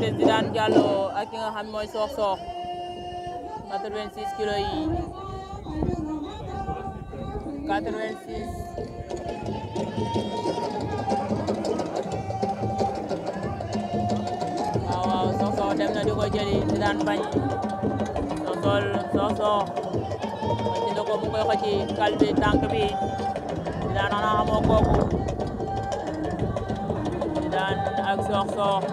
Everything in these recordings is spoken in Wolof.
diggante Zidane Diallo ak ki nga xam mooy Sokh Sokh 86 kilos yi 86 waaw waaw Sokh Sokh dem na di ko jëli Zidane bañ Sokh Sokh Sokh ci doko mu koy xëcc kal bi tànk bi Zidane ana xamoo kooku Zidane ak Sokh Sokh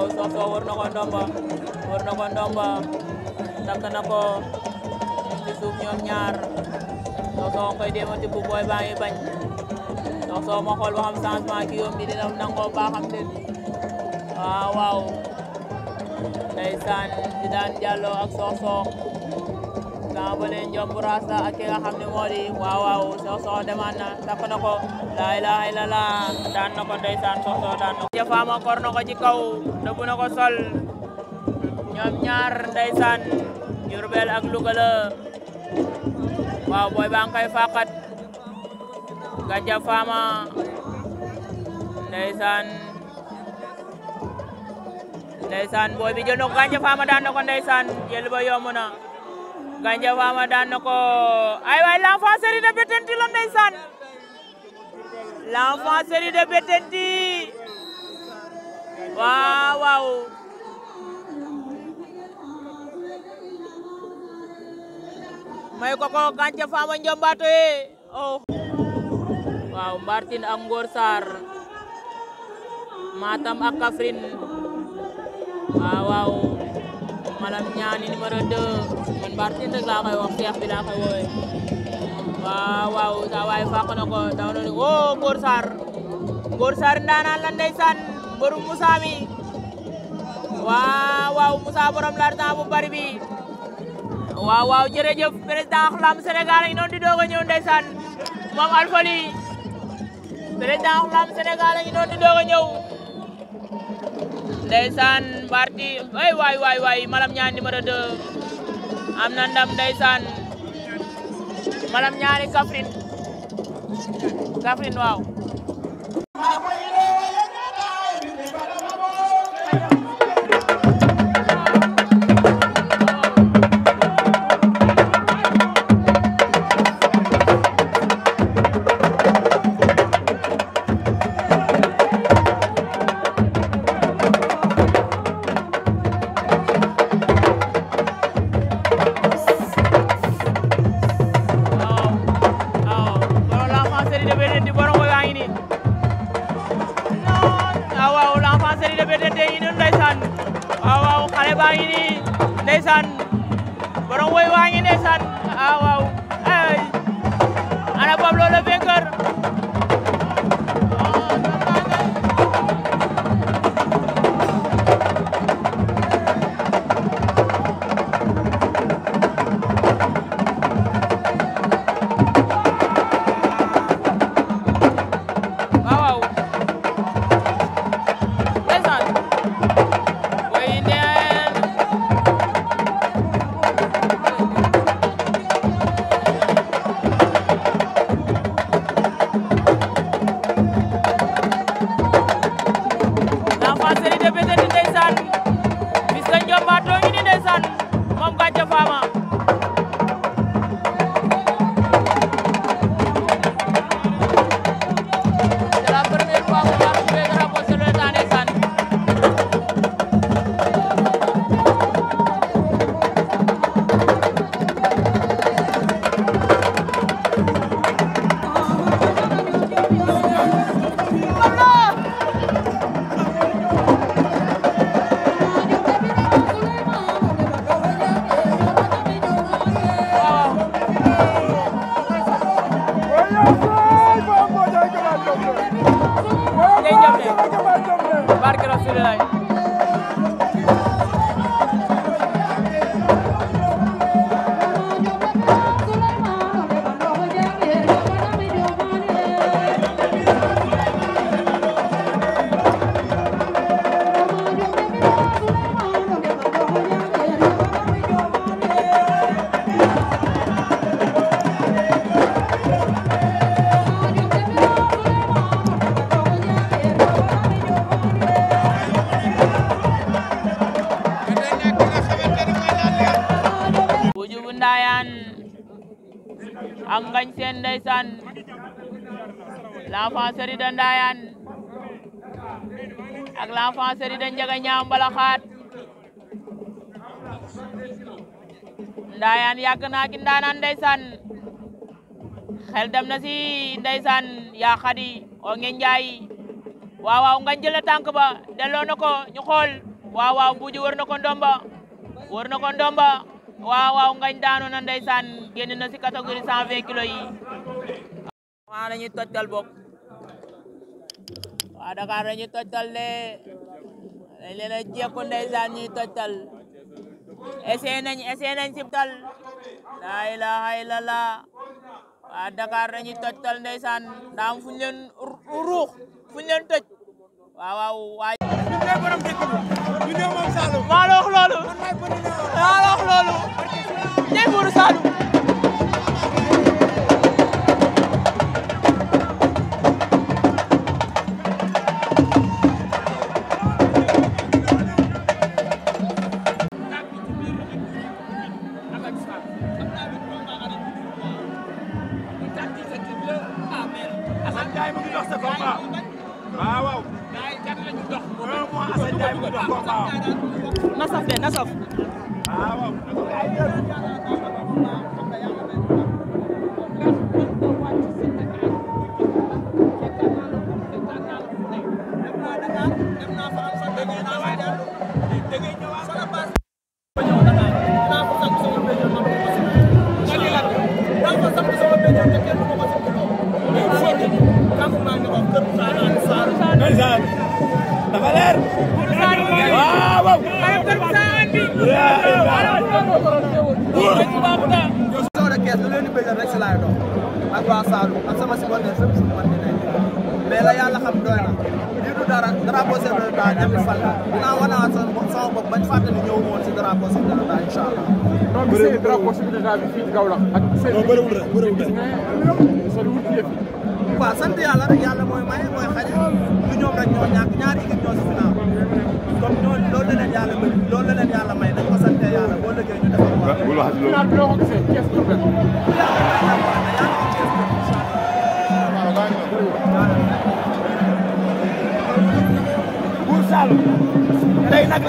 kaw Sokh war na ko ndomba war na ko ndomba takk na ko ci suuf ñoom ñaar Sokh Sokh koy dema tibb booy baa ngi bañ Sokh Sokh ma xool ba xam changement ki yombi dina nangoo baa xam déet waaw waaw ndeysaan Zidane Diallo ak Sokh Sokh Ama Baldé Ndiom Bourassa ak ki nga xam demaan na takk na ko laa ilaaha illallah daan na ko ndeysaan daan na ko jafaama kor na ko ci kaw sol ñoom ñaar ndeysaan Jurbel ak Louga waaw booy baa ngi koy faqat ga jafaama ndeysaan ndeysaan booy bi jël na ko ga daan na ko ndeysaan ba yomb na ganja wama dan nako ko ay waay l'enfant série de Bettenty la ndeysaan l'enfant série de betenti waaw waaw may ko ko ganja Fama njombato e eh. oh wow Martin angor sar, Matam akafrin, wow. waaw madame ñaani numéro 2 man barti rek laa koy wax seex bi laa koy woowee waaw waaw saa waay fàq na daw na ni woo Ngor Sarr Ngor Sarr ndaanaan la ndeysaan mbëru Moussa mi waaw waaw Moussa borom l'argent bu bari bi waaw waaw xlam di Alfali xlam di ndeysaan mbarti ay waay waay malam ñaar numéro 2 am na ndam ndeysaan malam ñaari Kaffrine Kaffrine waaw baa ngi nii ndeysaan borom waa ngi ndeysaan ah, waaw ay ana Pablo le vainqueur barke Rasulilaay Pam Ngagne Sène ndeysaan l'enfant séri de Ndayane ak l'enfant séri de Njaga Ñaam Mbalaxaat Ndayane yàgg ya naa ki ndaanaan ndeysaan xel dem na si ndeysaan yaa xadi o nge njaay waaw waaw nga jël tànk ba delloo na ñu xool waaw waaw mbuuju wër na ndomba wër na ndomba waaw waaw ngañ daanu na ndeysaan génn na si catégorie 120 kilos yi. waaw la ñuy tojtal bokk waaw Dakar la ñuy tojtal de dañ leen a jekku ndeysaan ñuy nañ essayé nañ si tal laa ilaha illallah waaw Dakar la ñuy tojtal ndeysaan ndaam fu ñu leen ruux fu ñu leen toj waaw waaw waay ñu ne borom dëkk bi ñu ne moom maa la wax loolu nasaf de nasaf. da ngay ñëwaat soo de kees lu leen di bëggal rek si laay doon ak waa Saalum ak sama si bon ne sëpp si man di nekk mais la xam doy na lii du dara drapeau chef de l'État ñëpp fal la dinaa wanaat sama bopp bañ fàtte ni ñëw woon si drapeau chef de l'État incha allah non bi see drapeau chef de l'État bi ak seen bëriwul rek sa wut yëf waaw sant si final comme ñoo loolu la leen yàlla loolu la leen wax ci loolu.